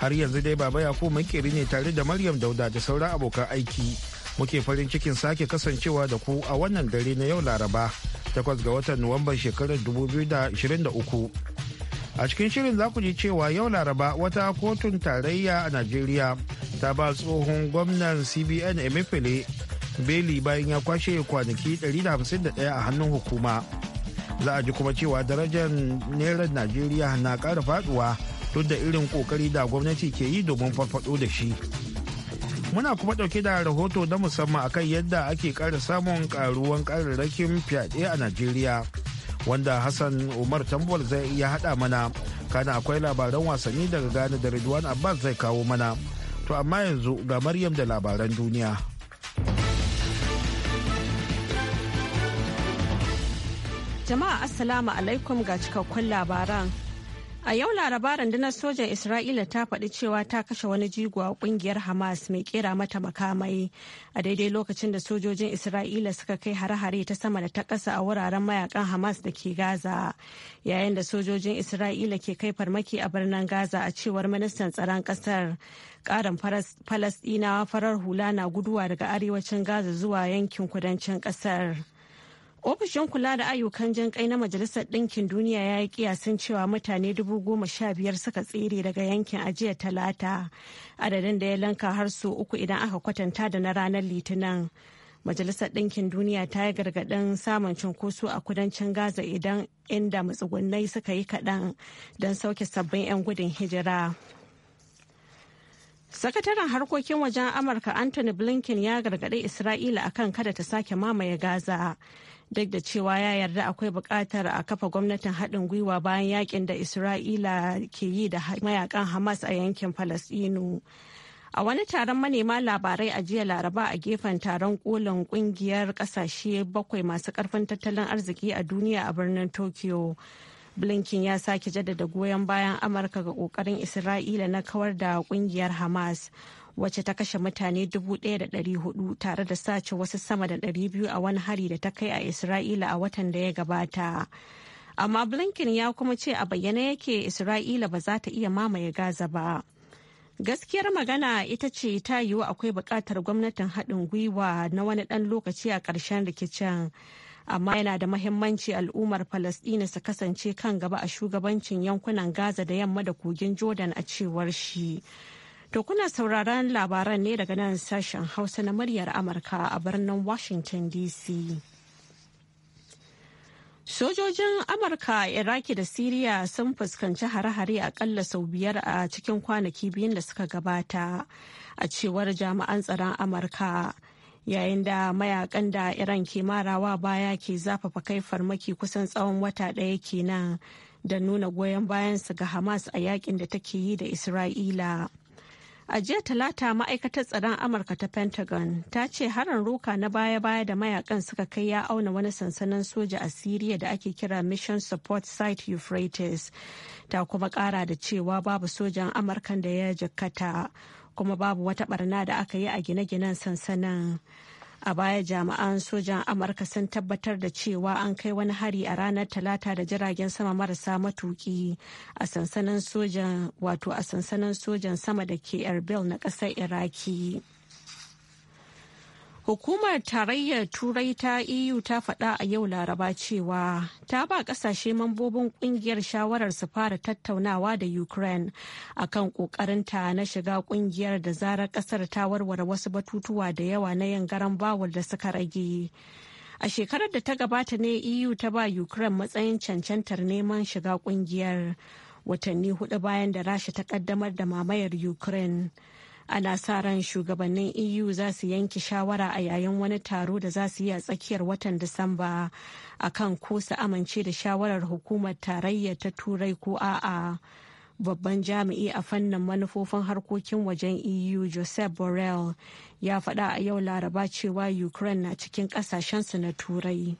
har yanzu dai baba mai makeri ne tare da maryam dauda da sauran abokan aiki muke farin cikin sake kasancewa da ku a wannan dare na yau laraba 8 ga watan nuwamban shekarar 2023 a cikin shirin za ku ji cewa yau laraba wata kotun tarayya a najeriya ta ba tsohon gwamnan cbn emefele beli bayan ya kwashe kwanaki 151 a hannun hukuma za a ji kuma cewa darajar Naira najeriya na ƙara faduwa duk da irin kokari da gwamnati ke yi domin farfado da shi muna kuma dauke da rahoto na musamman akan yadda ake kara samun karuwan kararrakin fyaɗe a najeriya wanda hassan umar tambol zai iya haɗa mana kana akwai labaran wasanni daga Gana da ridwan abbas zai kawo mana to amma yanzu ga maryam da labaran duniya jama'a assalamu alaikum ga cikakkun labaran A yau laraba rundunar sojan Isra'ila ta faɗi cewa ta kashe wani jigo a kungiyar Hamas mai kera mata makamai a daidai lokacin da sojojin Isra'ila suka kai hare-hare ta sama da ta ƙasa a wuraren mayakan Hamas da ke Gaza yayin da sojojin Isra'ila ke kai farmaki a birnin Gaza a cewar ministan tsaron ƙasar. Ƙarin Falasɗinawa farar hula na guduwa daga arewacin Gaza zuwa yankin kudancin ƙasar. Ofishin kula da ayyukan jan kai na Majalisar Ɗinkin Duniya ya yi kiyasin cewa mutane dubu goma sha biyar suka tsere daga yankin ajiya talata adadin da ya lanka har sau uku idan aka kwatanta da na ranar litinin. Majalisar Ɗinkin Duniya ta yi gargaɗin samun cunkoso a kudancin Gaza idan inda matsugunai suka yi kaɗan don sauke sabbin 'yan gudun hijira. Sakataren harkokin wajen Amurka Anthony Blinken ya gargaɗi Isra'ila akan kada ta sake mamaye Gaza. duk da cewa ya yarda akwai buƙatar a kafa gwamnatin haɗin gwiwa bayan yakin da isra'ila ke yi da mayakan hamas a yankin falasɗinu a wani taron manema labarai a jiya laraba a gefen taron kolin ƙungiyar ƙasashe bakwai masu ƙarfin tattalin arziki a duniya a birnin tokyo blinken ya sake jaddada goyon bayan amurka ga ƙoƙarin isra'ila na kawar da ƙungiyar hamas wacce ta kashe mutane 1,400 tare da sace wasu sama da 200 a wani hari da ta kai a Isra'ila a watan da ya gabata. Amma Blinken ya kuma ce a bayyane yake Isra'ila ba za ta iya mamaye Gaza ba. Gaskiyar magana ita ce ta yiwu akwai bukatar gwamnatin haɗin gwiwa na wani ɗan lokaci a ƙarshen rikicin. Amma yana da mahimmanci al'ummar Falasɗina su kasance kan gaba a shugabancin yankunan Gaza da yamma da kogin Jordan a cewar shi. To kuna sauraron labaran ne daga nan sashen Hausa na muryar Amurka a birnin Washington DC. Sojojin Amurka, Iraki da Siriya sun fuskanci hare-hare akalla sau biyar a cikin kwanaki biyun da suka gabata a cewar jami'an tsaron Amurka. Yayin da mayakan da Iran ke marawa baya ke zafafa kai farmaki kusan tsawon wata ɗaya kenan da nuna goyon bayansu ga Hamas a yakin da take yi da Isra'ila. A jiya talata ma'aikatar tsaron Amurka ta Pentagon ta ce harin roka na baya-baya da mayakan suka kai ya auna wani sansanin soja a Siriya da ake kira Mission Support Site Euphrates. Ta kuma kara da cewa babu sojan Amurkan da ya jikkata kuma babu wata barna da aka yi a gine-ginen sansanin. a baya jami'an sojan amurka sun tabbatar da cewa an kai wani hari a ranar talata da jiragen sama marasa matuki a sansanin sojan wato a sansanin sojan sama da ke erbil na ƙasar iraki Hukumar Tarayyar Turai ta EU ta faɗa a yau Laraba cewa ta ba ƙasashe mambobin ƙungiyar shawarar su fara tattaunawa da Ukraine akan ƙoƙarinta na shiga ƙungiyar da zarar ƙasar ta warware wasu batutuwa da yawa na yangaren bawul da suka rage. A shekarar da ta gabata ne EU ta ba Ukraine matsayin cancantar neman shiga ƙungiyar watanni hudu bayan da Rasha ta ƙaddamar da mamayar Ukraine. ana sa ran shugabannin eu za su yanke shawara a yayin wani taro da za su yi a tsakiyar watan disamba a kan ko su amince da shawarar hukumar tarayya ta turai ko a'a babban jami'i a fannin manufofin harkokin wajen eu joseph borrell ya faɗa a yau laraba cewa ukraine na cikin ƙasashensu na turai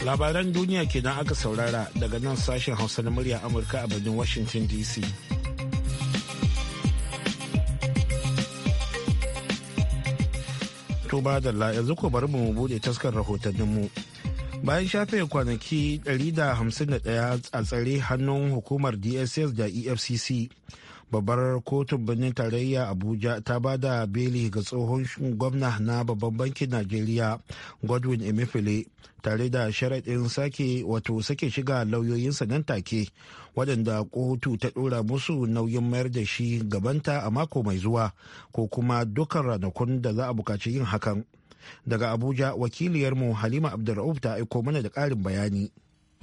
labaran duniya kenan aka saurara daga nan sashen hausa na murya amurka a birnin washington dc tuba da yanzu ko bari mu bude taskar rahotanninmu bayan shafe kwanaki 151 a tsare hannun hukumar dss da efcc babbar kotun birnin tarayya abuja ta ba da beli ga tsohon gwamna na babban bankin najeriya godwin emefiele tare da sharaɗin sake wato sake shiga lauyoyinsa nan take waɗanda kotu ta ɗora musu nauyin mayar da shi gabanta a mako mai zuwa ko kuma dukkan ranakun da za a buƙaci yin hakan daga abuja wakiliyarmu halima abdulrauf ta aiko mana da ƙarin bayani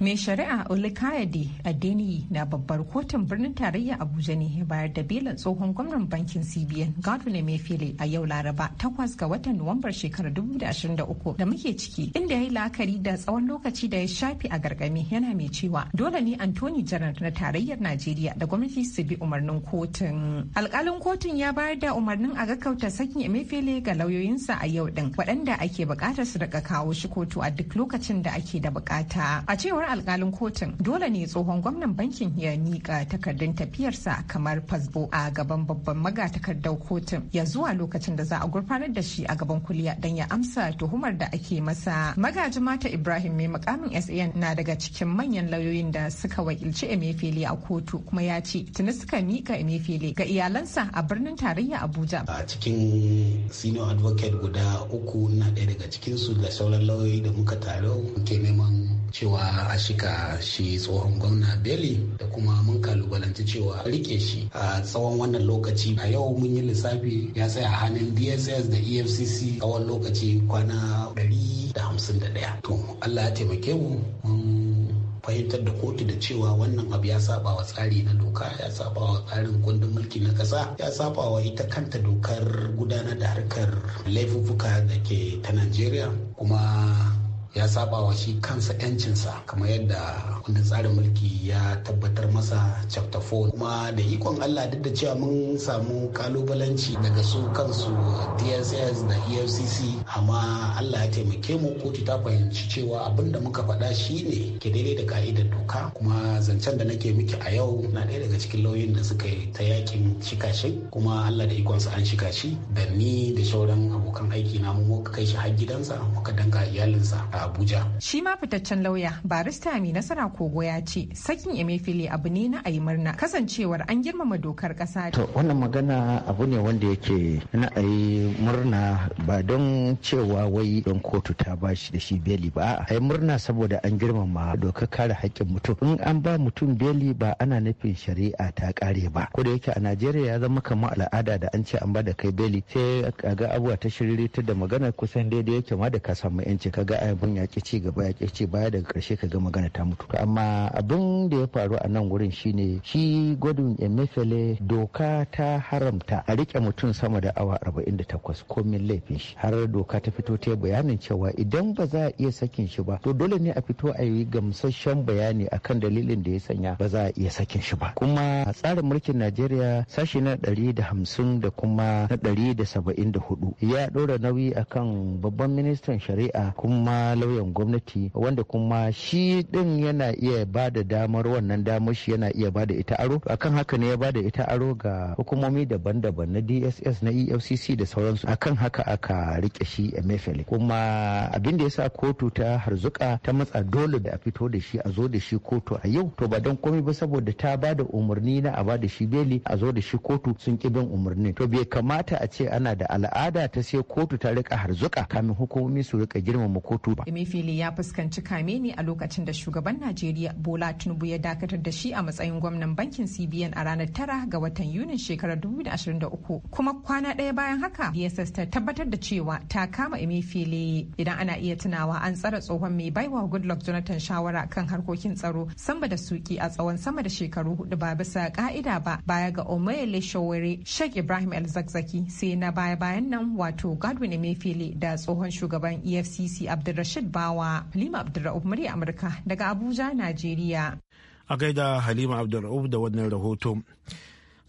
mai shari'a olikayade adeniyi na babbar kotun birnin tarayya abuja ne ya bayar da belin tsohon gwamnan bankin cbn godwin emefiele a yau laraba takwas ga watan nuwambar shekarar 2023 da muke ciki inda ya yi la'akari da tsawon lokaci da ya shafi a gargame yana mai cewa dole ne antoni janar na tarayyar najeriya da gwamnati su bi umarnin kotun alkalin kotun ya bayar da umarnin a gaggauta sakin emefiele ga lauyoyinsa a yau ɗin waɗanda ake bukatar su daga kawo shi kotu a duk lokacin da ake da bukata a cewar alkalin kotun dole ne tsohon gwamnan bankin ya mika takardun tafiyarsa kamar fasbo a gaban babban magatakardar kotun ya zuwa lokacin da za a gurfanar da shi a gaban kuliya don ya amsa tuhumar da ake masa magaji mata ibrahim mai mukamin san na daga cikin manyan lauyoyin da suka wakilci emefiele a kotu kuma ya ce tuni suka mika emefiele ga iyalansa a birnin tarayya abuja a cikin senior advocate guda uku na daya daga cikinsu da sauran lauyoyi da muka taro ke neman cewa a a shika shi tsohon gwamna beli da kuma mun kalubalanci cewa rike shi a tsawon wannan lokaci a yau mun yi lissafi ya tsaya hannun dss da efcc tsawon lokaci kwana 151 to allah ya taimake mu mun fahimtar da kotu da cewa wannan abu ya saba wa tsari na doka ya saba wa tsarin kundin mulki na kasa ya saba wa ita kanta dokar gudanar da harkar laifuffuka da ke ta najeriya kuma ya saba wa shi kansa yancinsa kamar yadda kundin tsarin mulki ya tabbatar masa chapter 4 kuma da ikon Allah duk da cewa mun samu kalubalanci daga su kansu DSS da EFCC amma Allah ya taimake mu kotu ta fahimci cewa abin da muka faɗa shi ne. ke daidai da ka'idar doka kuma zancen da nake miki a yau na ɗaya daga cikin lauyoyin da suka yi ta yakin shi kuma Allah da ikonsa an shika shi da ni da sauran abokan aiki na mu kai shi har gidansa muka danka iyalinsa abuja shi ma fitaccen lauya barista mai nasara kogo ya ce sakin emefiele abu ne na ayi murna kasancewar an girmama dokar kasa to wannan magana abu ne wanda yake na ayi murna ba don cewa wai don kotu ta bashi da shi beli ba yi murna saboda an girmama dokar kare haƙƙin mutum in an ba mutum beli ba ana nufin shari'a ta kare ba ko da yake a najeriya ya zama kamar al'ada da an ce an ba da kai beli sai ga abuwa ta shiririta da magana kusan daidai yake ma da ka samu yanci kaga abin ya ci gaba ya ƙi ci baya daga karshe ka ga magana ta mutu amma abin da ya faru a nan wurin shine shi gwadun emefele doka ta haramta a rike mutum sama da awa 48 komin laifin shi har doka ta fito ta bayanin cewa idan ba za a iya sakin shi ba to dole ne a fito a yi gamsasshen bayani akan dalilin da ya sanya ba za a iya sakin shi ba kuma a tsarin mulkin najeriya sashi na 150 da kuma na 174 ya ɗora nauyi akan babban ministan shari'a kuma lauyan gwamnati wanda kuma shi din yana iya ba da damar wannan damar shi yana iya ba da ita aro akan haka ne ya ba da ita aro ga hukumomi daban-daban na dss na efcc da sauransu akan haka aka rike shi emefiele kuma abin da ya sa kotu ta harzuka ta matsa dole da a fito da shi a zo da shi kotu a yau to ba don komai ba saboda ta ba da umarni na a ba da shi beli a zo da shi kotu sun ki bin umarni to bai kamata a ce ana da al'ada ta sai kotu ta rika harzuka kamin hukumomi su rika girmama kotu ba Emefiele ya fuskanci kame ne a lokacin da shugaban Najeriya Bola Tinubu ya dakatar da shi a matsayin gwamnan bankin CBN a ranar tara ga watan Yunin shekarar 2023 kuma kwana ɗaya bayan haka DSS ta tabbatar da cewa ta kama Emefiele idan ana iya tunawa an tsare tsohon mai baiwa Goodluck Jonathan shawara kan harkokin tsaro samba da suki a tsawon sama da shekaru hudu ba bisa ka'ida ba baya ga Omoyele Showore Sheikh Ibrahim El Zakzaki sai na baya bayan nan wato Godwin Emefiele da tsohon shugaban EFCC Abdulrashid Rashid Bawa, Halima AbdulRa'ub murya Amurka daga Abuja, Najeriya. A gaida Halima Abdulra'uf da wannan rahoto.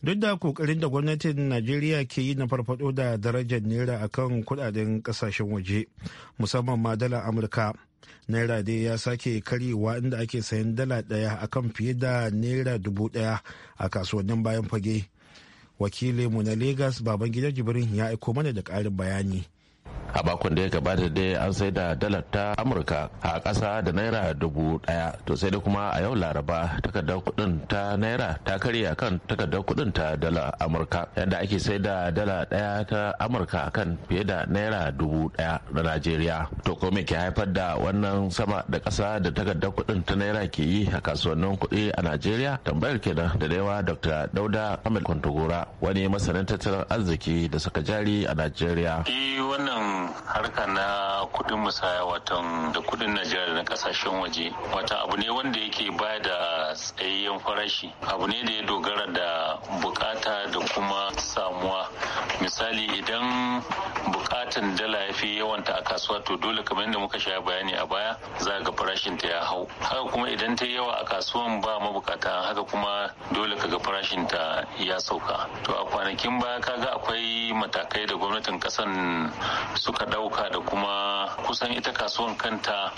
Duk da kokarin da gwamnatin Najeriya ke yi na farfado da darajar naira akan kudaden kasashen waje, musamman ma dalar Amurka. Naira dai ya sake karyewa inda ake sayan dala ɗaya akan fiye da naira dubu ɗaya a kasuwannin bayan fage. Wakilinmu na Legas Babangida Jibrin ya aiko mana da ƙarin bayani. a bakon da ya gabata dai an sai da dalar ta amurka a ƙasa da naira dubu ɗaya to sai da kuma a yau laraba takardar kuɗin ta naira ta karya kan takardar kuɗin ta dala amurka yadda ake sai da dala ɗaya ta amurka kan fiye da naira dubu ɗaya na najeriya to ko me ke haifar da wannan sama da ƙasa da takardar kuɗin ta naira ke yi a kasuwannin kuɗi a najeriya tambayar kenan da dawa dr dauda amil kwantogora wani masanin tattalin arziki da saka jari a najeriya wannan harka na kudin musaya watan da kudin najeriya da na kasashen waje wata abu ne wanda yake ba da tsayayyen farashi abu ne da ya dogara da bukata da kuma samuwa misali idan bukatan dala ya fi yawanta a kasuwa to dole kamar yadda muka sha bayani a baya za ga farashin ta ya hau haka kuma idan ta yawa a kasuwan ba mabukata haka kuma farashin ta ya sauka to a kwanakin baya ka ga akwai matakai da gwamnatin kasan suka dauka da kuma kusan ita kasuwan kanta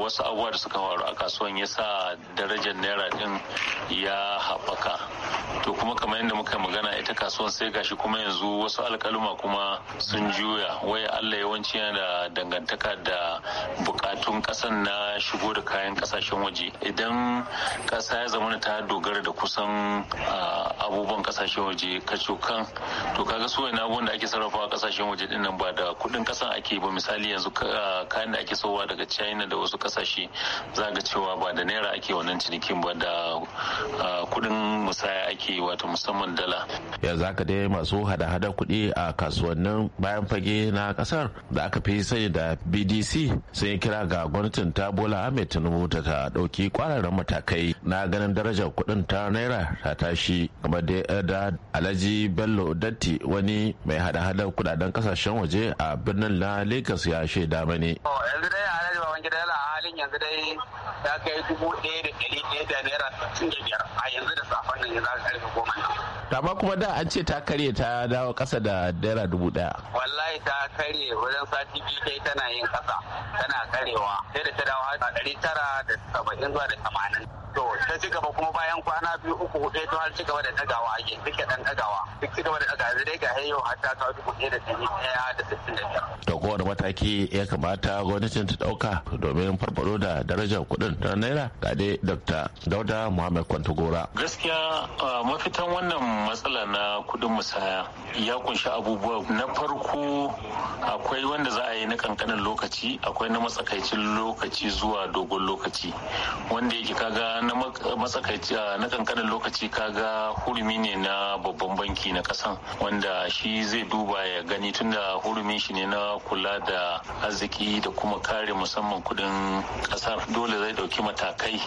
wasu abubuwa da suka faru a kasuwan ya sa darajar naira din ya haɓaka to kuma kamar yadda muka magana ita kasuwan sai gashi kuma yanzu wasu alkaluma kuma sun juya waya allah yawanci yana da dangantaka da bukatun kasan na shigo da kayan kasashen waje idan kasa ya zama ta dogara da kusan abubuwan kasashen waje kaco kan to kaga su wani abubuwan da ake sarrafa a kasashen waje din nan ba da kudin kasan ake ba misali yanzu kayan da ake sowa daga china da wasu kasashe za ga cewa ba da naira ake wannan cinikin ba da kudin musaya ake wato musamman dala yanzu haka dai masu hada-hada kuɗi a kasuwannin bayan fage na kasar da aka fi sani da bdc sun yi kira ga gwamnatin tabuwar bola ahmed tinubu ta ta ɗauki kwararren matakai na ganin darajar kuɗin ta naira ta tashi kamar da alhaji bello datti wani mai hada hada kudaden kasashen waje a birnin na lagos ya shaida mani yanzu dai alhaji gida yana halin yanzu dai ya kai dubu ɗaya da ɗari ɗaya da naira sun biyar a yanzu da safan nan ya za ka karfe goma amma kuma da an ce ta karye ta dawo kasa da naira dubu daya wallahi ta karye wajen sati biyu kai tana yin kasa tana karewa sai da ta dawo a ɗari tara da saba'in zuwa da tamanin to ta ci gaba kuma bayan kwana biyu uku hudu ta har ci gaba da tagawa a gefe take dan tagawa duk ci gaba da tagawa zai ga hayo har ta kawo dubu ɗaya da ɗari ɗaya da sittin da biyar. to kowane mataki ya kamata gwamnatin ta ɗauka domin farfaɗo da darajar kuɗin ta naira ga dai dr dauda muhammad kwantagora. gaskiya mafitan wannan matsala na kuɗin musaya ya kunshi abubuwa na farko akwai wanda za a yi na kankanin lokaci akwai na matsakaicin lokaci zuwa dogon lokaci wanda yake kaga na matsakaiciya na kankanin lokaci kaga hurumi ne na babban banki na kasan wanda shi zai duba ya gani tunda hurumin shi ne na kula da arziki da kuma kare musamman kudin kasar dole zai dauki matakai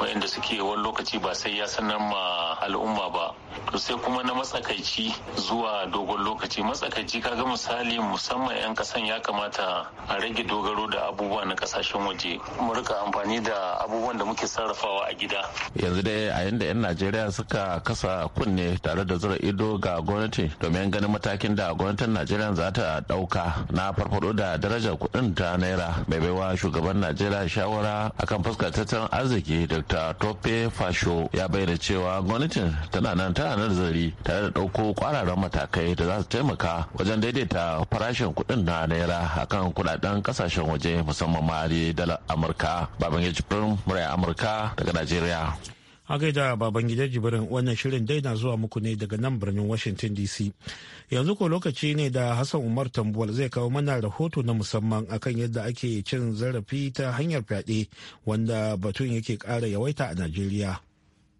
wayanda suke wani lokaci ba sai ya sanar ma al'umma ba to sai kuma na matsakaici zuwa dogon lokaci matsakaici ka ga misali musamman 'yan kasan ya kamata a rage dogaro da abubuwa na kasashen waje mu rika amfani da abubuwan da muke sarrafawa a gida yanzu dai a yanda 'yan najeriya suka kasa kunne tare da zura ido ga gwamnati domin ganin matakin da gwamnatin najeriya za ta dauka na farfado da darajar kuɗin ta naira mai baiwa shugaban najeriya shawara akan fuskar tattalin arziki dr tope fasho ya bayyana cewa gwamnatin tana nan tana zari tare da ɗauko kwararren matakai da za su taimaka wajen daidaita farashin kuɗin na naira a kan kuɗaɗen kasashen waje musamman ma dalar amurka baban ya murai amurka daga najeriya a gaida baban gidan jibirin wannan shirin dai na zuwa muku ne daga nan birnin washington dc yanzu ko lokaci ne da hassan umar tambuwal zai kawo mana rahoto na musamman akan yadda ake cin zarafi ta hanyar fyaɗe wanda batun yake ƙara yawaita a najeriya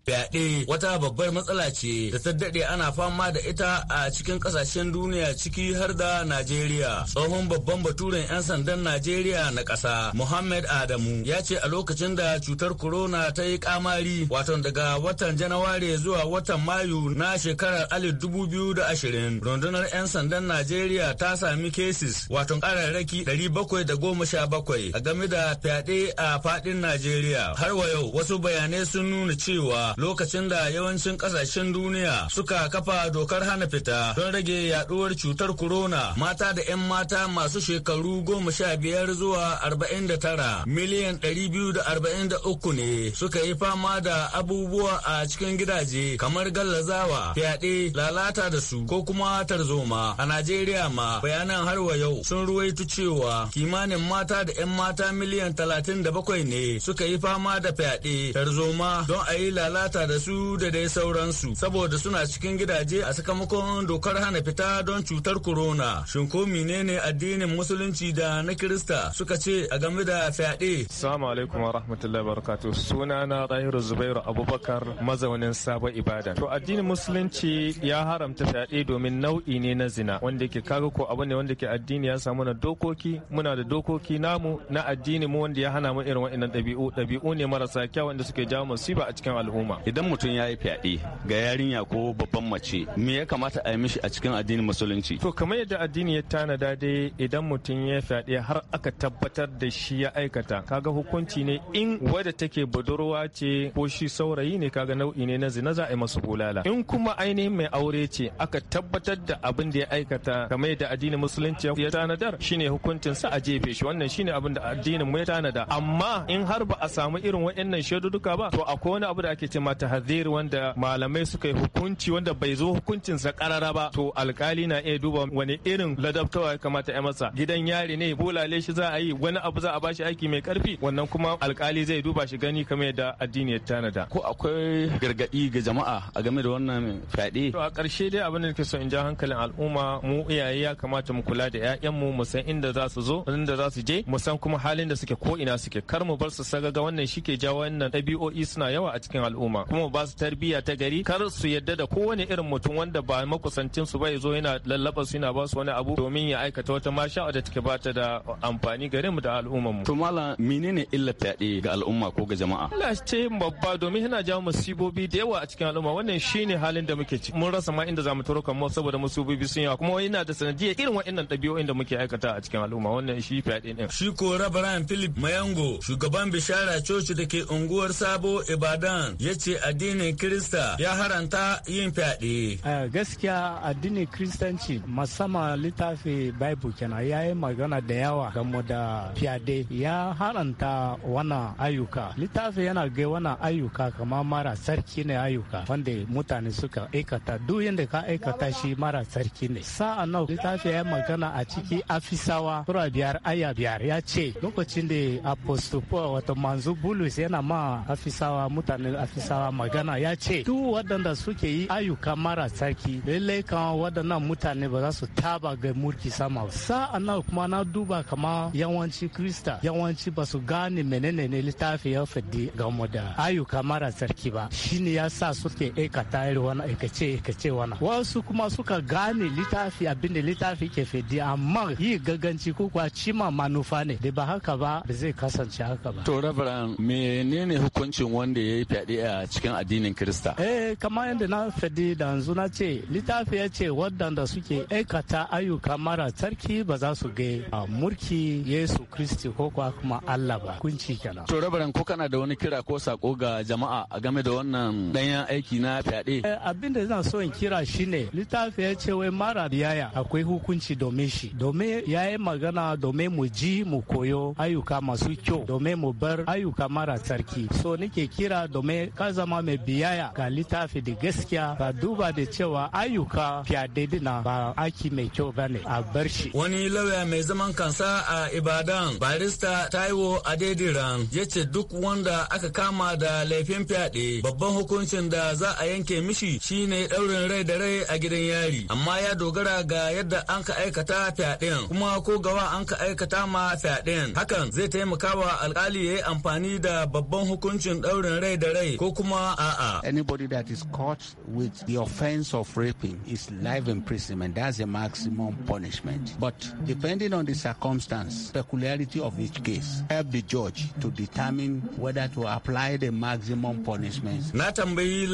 Fyaɗe wata babbar matsala ce da ta daɗe ana fama da ita a cikin ƙasashen duniya ciki har da Najeriya. Tsohon babban baturen 'yan sandan Najeriya na ƙasa Muhammad Adamu ya ce a lokacin da cutar corona ta yi ƙamari. Wato daga watan Januwari zuwa watan Mayu na shekarar alif dubu biyu da ashirin rundunar 'yan sandan Najeriya ta sami cases waton ƙararraki ɗari bakwai da goma sha bakwai a game da fyaɗe a faɗin Najeriya. Har wa yau wasu bayanai sun nuna cewa lokacin da yawancin kasashen duniya suka kafa dokar hana fita don rage yaduwar cutar corona mata da 'yan mata masu shekaru goma sha biyar zuwa arba'in da tara miliyan ɗari biyu da arba'in da uku ne suka yi fama da abubuwa a cikin gidaje kamar gallazawa fyaɗe lalata da su ko kuma tarzoma a Najeriya ma bayanan har wa yau sun ruwaitu cewa kimanin mata da 'yan mata miliyan talatin da bakwai ne suka yi fama da fyaɗe tarzoma don a yi lalata lalata da su da dai sauransu saboda suna cikin gidaje a sakamakon dokar hana fita don cutar corona. Shin ko menene addinin musulunci da na Kirista suka ce a game da fyaɗe? Assalamu alaikum wa rahmatullahi wa Sunana Zubairu Abubakar mazaunin Sabo Ibadan. To addinin musulunci ya haramta fyaɗe domin nau'i ne na zina wanda ke kaga ko abu ne wanda ke addini ya samu na dokoki muna da dokoki namu na addini mu wanda ya hana mu irin wa'annan ɗabi'u ɗabi'u ne marasa kyau wanda suke jawo musiba a cikin al'umma. al'umma idan mutum ya yi fyaɗe ga yarinya ko babban mace me ya kamata a yi mishi a cikin addinin musulunci to kamar yadda addini ya tanada dai idan mutum ya fyaɗe har aka tabbatar da shi ya aikata kaga hukunci ne in wadda take budurwa ce ko shi saurayi ne kaga nau'i ne na zina za a yi masa bulala in kuma ainihin mai aure ce aka tabbatar da abin da ya aikata kamar yadda addinin musulunci ya tanadar shine hukuncin sa a jefe shi wannan shine abin da addinin mu ya tanada amma in har ba a samu irin waɗannan shaiduduka ba to akwai wani abu da ake ce matahaziri ma tahadhir wanda malamai suka yi hukunci wanda bai zo hukuncin sa karara ba to alkali na iya duba wani irin ladabtawa ya kamata ya masa gidan yari ne bulale shi za a yi wani abu za a bashi aiki mai karfi wannan kuma alkali zai duba shi gani kamar yadda addini ya tanada ko akwai gargadi ga jama'a a game da wannan fyaɗe to a ƙarshe dai abin da nake so in ja hankalin al'umma mu iyaye ya kamata mu kula da 'ya'yanmu mu san inda za su zo inda za su je mu san kuma halin da suke ko ina suke kar mu bar su sagaga wannan shi ke jawo wannan ɗabi'o'i suna yawa a cikin al'umma al'umma kuma ba su tarbiyya ta gari kar su yadda da kowane irin mutum wanda ba makusancin su ba ya zo yana lallaba su yana ba su wani abu domin ya aikata wata masha da take ta da amfani gare mu da al'umman mu to malam menene illar fyaɗe ga al'umma ko ga jama'a Allah ce babba domin yana jawo musibobi da yawa a cikin al'umma wannan shine halin da muke ci mun rasa ma inda zamu turo kan mu saboda musibobi sun yawa kuma yana da sanadiyar irin waɗannan ɗabi'o'in da muke aikata a cikin al'umma wannan shi fyaɗe din shi ko rabaran philip mayango shugaban bishara coci da ke unguwar sabo ibadan ya ce addinin Kirista ya haranta yin fyaɗe. Gaskiya addinin Kiristanci masama littafi Bible kenan ya yi magana da yawa game da fyaɗe ya haranta wana ayyuka. Littafi yana ga wana ayyuka kama mara sarki ne ayyuka wanda mutane suka aikata duk yadda ka aikata shi mara sarki ne. Sa'a nan littafi ya magana a ciki afisawa tura biyar aya biyar ya ce lokacin da apostopol wato manzo bulus yana ma afisawa mutane afisawa Faransawa magana ya ce duk waɗanda suke yi ayyuka mara tsarki lallai kan waɗannan mutane ba za su taba ga mulki sama ba. Sa'an nan kuma na duba kama yawanci Krista yawanci ba su gane menene ne littafi ya fadi mu da ayyuka mara tsarki ba. Shine ya sa suke aikata irin wani aikace aikace wana. Wasu kuma suka gane littafi abinda littafi ke fadi amma yi gaganci ko kuwa cima manufa ne da ba haka ba ba zai kasance haka ba. To rabaran menene hukuncin wanda ya yi fyaɗe a a cikin addinin Kirista. Eh kamar yadda na fadi da yanzu na ce littafi ya ce waɗanda suke aikata ayyuka mara tsarki ba za su ga murki Yesu Kristi ko kuma Allah ba kunci kenan. To rabaran ko kana da wani kira ko sako ga jama'a game da wannan danyen aiki na fyaɗe. Eh, abin da zan so in kira shine littafi ya ce wai mara biyaya akwai hukunci domin shi domin ya yi magana domin mu ji mu koyo ayyuka masu kyau domin mu bar ayyuka mara tsarki so nake kira domin ka zama mai biyaya ga littafi da gaskiya ba duba da cewa ayyuka fiyade na ba aiki mai kyau ba ne a bar shi. Wani lauya mai zaman kansa a Ibadan barista Taiwo Adediran ya ce duk wanda aka kama da laifin fyaɗe babban hukuncin da za a yanke mishi shine ɗaurin rai da rai a gidan yari amma ya dogara ga yadda an ka aikata fyaɗen kuma ko gawa an ka aikata ma fyaɗen hakan zai taimaka wa alkali ya yi amfani da babban hukuncin ɗaurin rai da rai ko Uh-uh. Anybody that is caught with the offense of raping is life imprisonment. That's the maximum punishment. But depending on the circumstance, peculiarity of each case, help the judge to determine whether to apply the maximum punishment. Na tambayi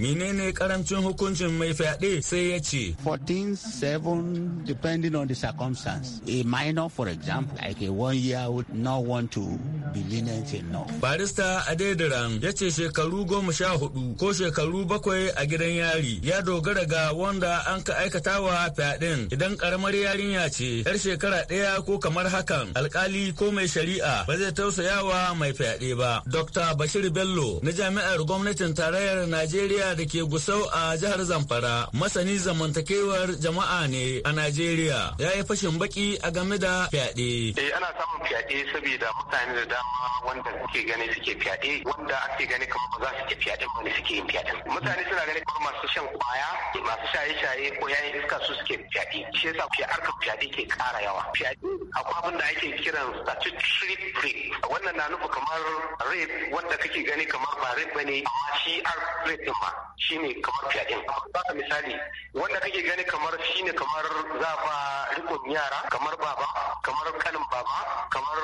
menene karancin hukuncin mai fyaɗe sai ya ce. 14, 7, depending on the circumstance. A minor, for example, like a one year would not want to be lenient enough. Barista ya ce shekaru goma sha hudu ko shekaru bakwai a gidan yari ya dogara ga wanda an ka aikata wa fyaɗin idan karamar yarinya ce yar shekara ɗaya ko kamar hakan alkali ko mai shari'a ba zai tausayawa mai fyaɗe ba. Dr. Bashir Bello na jami'ar gwamnatin tarayyar Najeriya da ke Gusau a jihar Zamfara masani zamantakewar jama'a ne a Najeriya ya yi fashin baki a game da fyaɗe. Eh, ana samun fyaɗe saboda mutane da dama wanda suke gani suke fyaɗe wanda ake gani kamar ba za tafiya din ne suke yin mutane suna ganin kuma masu shan kwaya masu shaye-shaye ko yayin iska su suke fyaɗe shi yasa fi'arka fyaɗe ke ƙara yawa fiyaɗi akwai abin da ake kiran statutory rape wannan na nufa kamar rape wanda kake gani kamar ba rape bane amma shi ar rape din ma shine kamar ba baka misali wanda kake gani kamar shine kamar za ba rikon yara kamar baba kamar kanin baba kamar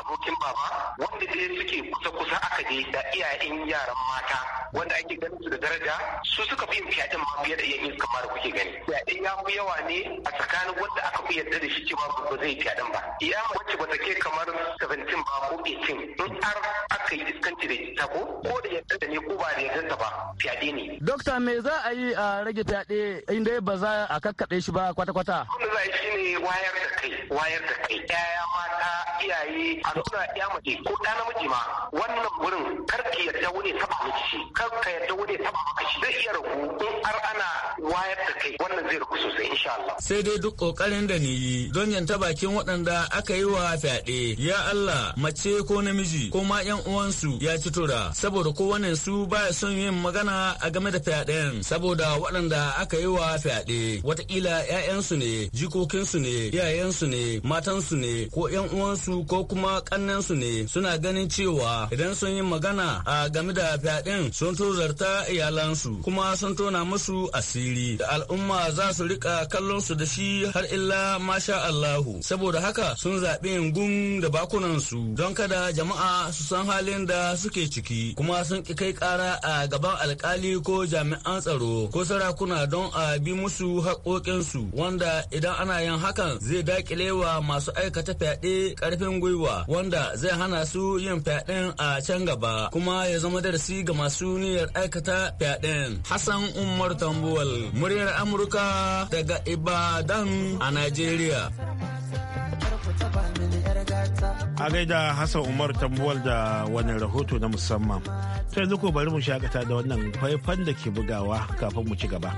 abokin baba wanda dai suke kusa kusa aka je da iyayen yaran mata wanda ake ganin su da daraja su suka fi yin fyaɗin ma fiye da iyayen kamar kuke gani fyaɗin ya fi yawa ne a tsakanin wanda aka fi yarda da shi cewa ba zai fyaɗin ba Ya wacce ba ta ke kamar 17 ba ko 18 in har aka yi iskanci da ita ko ko da yarda da ne ko ba da yarda ba fyaɗin fyaɗe ne. Dokta me za a yi a rage fyaɗe inda ba za a kakkaɗe shi ba kwata-kwata? Kuma za a yi shi ne wayar da kai, wayar da kai. Yaya mata iyaye a nuna ya mace ko ɗa namiji ma wannan wurin kar ka yarda wani taɓa miki shi, kar ka yarda wani taɓa maka shi. Zai iya ragu in har ana wayar da kai wannan zai ragu. Allah. Sai dai duk kokarin da ni yi don yanta bakin waɗanda aka yi wa fyaɗe. Ya Allah mace ko namiji ko ma ƴan uwansu ya ci tura saboda kowane su baya son yin magana a game da fyaɗen saboda waɗanda aka yi wa fyaɗe wataƙila ‘ya'yansu ne jikokinsu ne iyayensu ne matansu ne ko ‘yan uwansu ko kuma ƙannensu ne suna ganin cewa idan sun yi magana a game da fyaɗen sun tozarta iyalansu kuma sun tona musu asiri da al'umma za su rika kallon su da shi har illa masha Allahu saboda haka sun zaɓi yin gun da bakunan su don kada jama'a su san halin da suke ciki kuma sun ki kai ƙara a gaban alkali ko jami'an tsaro ko sarakuna don a bi musu su wanda idan ana yin hakan zai daƙile wa masu aikata fyaɗe ƙarfin gwiwa wanda zai hana su yin fyaɗen a can gaba kuma ya zama darasi ga masu niyyar aikata fyaɗen. Hassan Umar Tambuwal, muryar Amurka daga Ibadan a Najeriya. A gaida Hassan Umar tambuwal da wani rahoto na musamman. Ta yanzu ko bari mu shakata da wannan faifan da ke bugawa kafin mu ci gaba.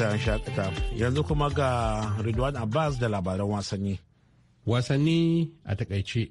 an shakata yanzu kuma ga Ridwan Abbas da labaran wasanni. Wasanni a takaice.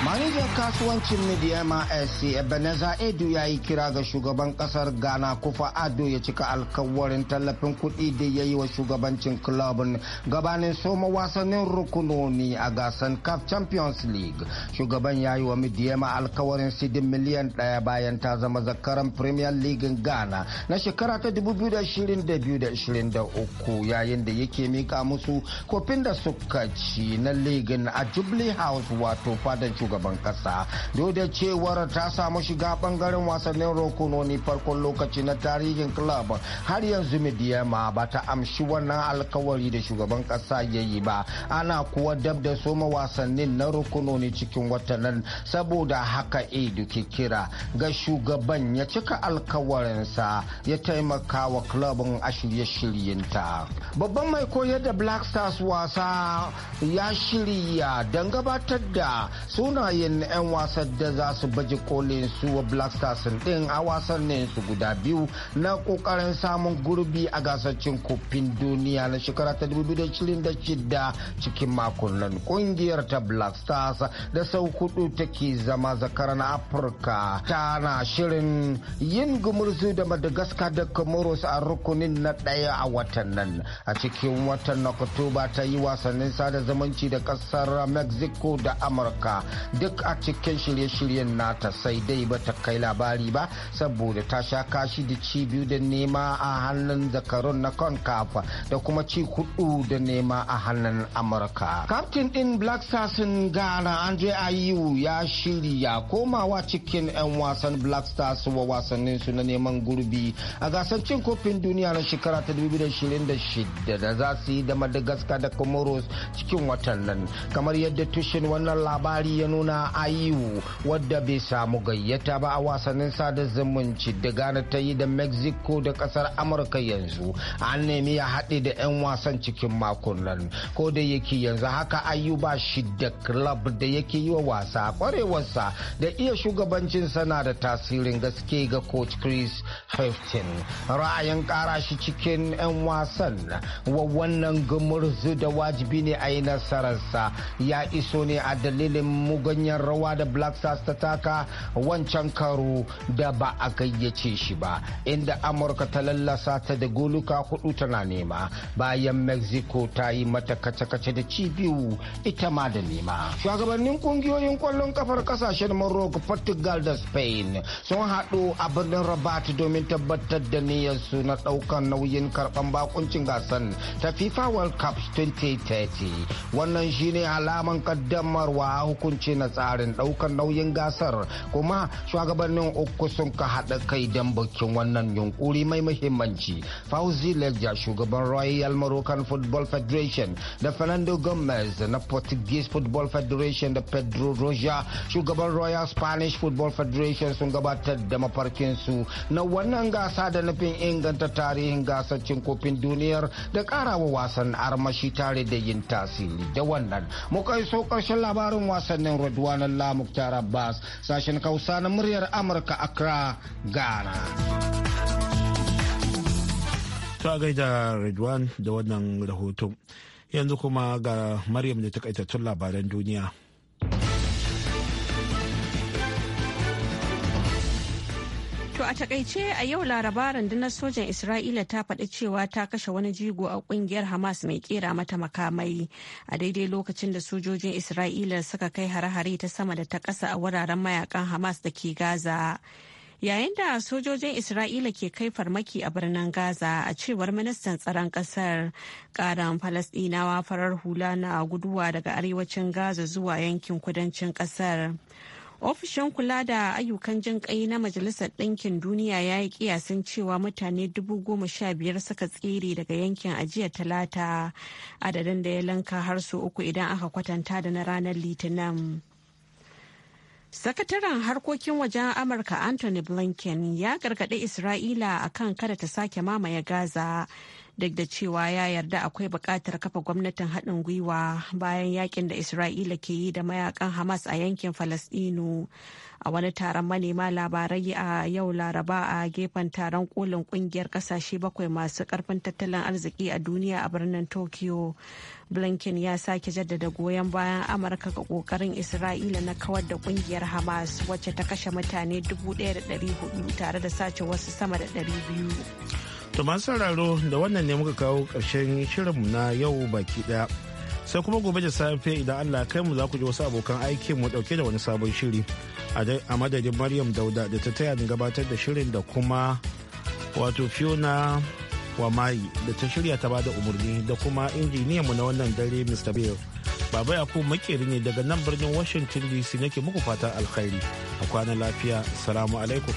manajan kasuwancin media sc ebenezer edu ya yi kira ga shugaban kasar ghana kufa ado ya cika alkawarin tallafin kuɗi da ya yi wa shugabancin klubin gabanin soma wasannin rukunoni a gasan caf champions league shugaban ya yi wa midiyama alkawarin sidin miliyan ɗaya bayan ta zama zakaran premier league ghana na shekara ta 2022-2023 yayin da yake mika musu kofin da suka ci na ligin a jubilee house wato fadan shugaban kasa duk da cewar ta samu shiga bangaren wasannin rokunoni farkon lokaci na tarihin club har yanzu midiyama ba ta amshi wannan alkawari da shugaban kasa ya yi ba ana kuwa dab da soma wasannin na rukunoni cikin watannin saboda haka edu ke kira ga shugaban ya cika alkawarinsa ya taimaka wa klabin a shirye-shiryenta babban mai koyar da black stars wasa ya shirya don gabatar da suna sunayen 'yan wasan da za su baje kolin su wa black stars din a wasannin su guda biyu na kokarin samun gurbi a gasar cin kofin duniya na shekara ta 2026 cikin makon nan kungiyar ta black stars da sau hudu take zama zakara na afirka tana shirin yin gumurzu da madagascar da comoros a rukunin na daya a watan nan a cikin watan oktoba ta yi wasannin sada zumunci da kasar mexico da amurka duk a cikin shirye-shiryen nata sai dai ba ta kai labari ba saboda ta sha kashi da ci biyu da nema a hannun zakarun na kafa da kuma ci hudu da nema a hannun amurka Captain din black stars ghana andre ayew ya shirya komawa cikin 'yan wasan black stars wa wasannin su na neman gurbi a gasar cin kofin duniya na shekara ta 2026 da za su yi da madagascar da comoros cikin watan nan kamar yadda tushen wannan labari ya nuna nuna ayu wadda bai samu gayyata ba a wasannin sadar zumunci da gana ta yi da mexico da kasar amurka yanzu an nemi ya haɗe da 'yan wasan cikin makon nan ko da yake yanzu haka ayu ba shi da club da yake yi wa wasa kwarewarsa da iya shugabancin sana da tasirin gaske ga coach chris Houghton ra'ayin kara shi cikin 'yan wasan wa wannan gumurzu da wajibi ne a yi nasararsa ya iso ne a dalilin mugun dogonyen rawa da black stars ta taka wancan karo da ba a gayyace shi ba inda amurka ta lallasa ta da goluka hudu tana nema bayan mexico ta yi mata kace-kace da ci biyu ita ma da nema shugabannin kungiyoyin kwallon kafar kasashen morocco portugal da spain sun haɗu a birnin rabat domin tabbatar da niyyarsu na ɗaukar nauyin karɓan bakuncin gasan ta fifa world cup 2030 wannan shine alaman kaddamarwa hukuncin gina tsarin ɗaukar nauyin gasar kuma shugabannin uku sun ka haɗa kai don bikin wannan yunkuri mai muhimmanci fauzi lejja shugaban royal moroccan football federation da fernando gomez na portuguese football federation da pedro roja shugaban royal spanish football federation sun gabatar da mafarkinsu na wannan gasa da nufin inganta tarihin gasar cin kofin duniyar da karawa wasan armashi tare da yin tasiri da wannan mu muka so karshen labarin wasannin Muhammad Lamuktar Abbas sashen Hausa na muryar Amurka Accra, Ghana. Ta gaida redwan da wannan rahoto. Yanzu kuma ga Maryam da takaitattun labaran duniya. a takaice a yau laraba rundunar sojan Isra'ila ta faɗi cewa ta kashe wani jigo a kungiyar Hamas mai kera mata makamai a daidai lokacin da sojojin Isra'ila suka kai hare-hare ta sama da ta ƙasa a wuraren mayakan Hamas da ke Gaza. Yayin da sojojin Isra'ila ke kai farmaki a birnin Gaza a cewar ministan tsaron kasar karan Falasɗinawa farar hula na guduwa daga arewacin Gaza zuwa yankin kudancin kasar. ofishin kula da ayyukan jin kai na majalisar ɗinkin duniya ya yi kiyasin cewa mutane dubu goma sha biyar suka tsere daga yankin ajiya talata adadin da ya lanka har su uku idan aka kwatanta da na ranar litinin Sakataren harkokin wajen Amurka Anthony Blinken ya gargaɗi Isra'ila akan kada ta sake mamaye Gaza duk da cewa ya yarda akwai bukatar kafa gwamnatin haɗin gwiwa bayan yakin da isra'ila ke yi da mayakan hamas a yankin falasɗinu a wani taron manema labarai a yau laraba a gefen taron kolin ƙungiyar ƙasashe bakwai masu karfin tattalin arziki a duniya a birnin tokyo blinken ya sake jaddada goyon bayan amurka ga ƙoƙarin isra'ila na kawar da ƙungiyar hamas wacce ta kashe mutane 1,400 tare da sace wasu sama da 200 To masu sauraro da wannan ne muka kawo ƙarshen shirinmu na yau baki ɗaya. Sai kuma gobe da safe idan Allah kai mu za ku ji wasu abokan aiki mu ɗauke da wani sabon shiri. A madadin Maryam Dauda da ta taya gabatar da shirin da kuma wato Fiona Wamayi da ta shirya ta bada umarni da kuma injiniyan mu na wannan dare Mr. Bill. Baba Yakubu makeri ne daga nan birnin Washington DC nake muku fatan alkhairi. A kwana lafiya. Salamu alaikum.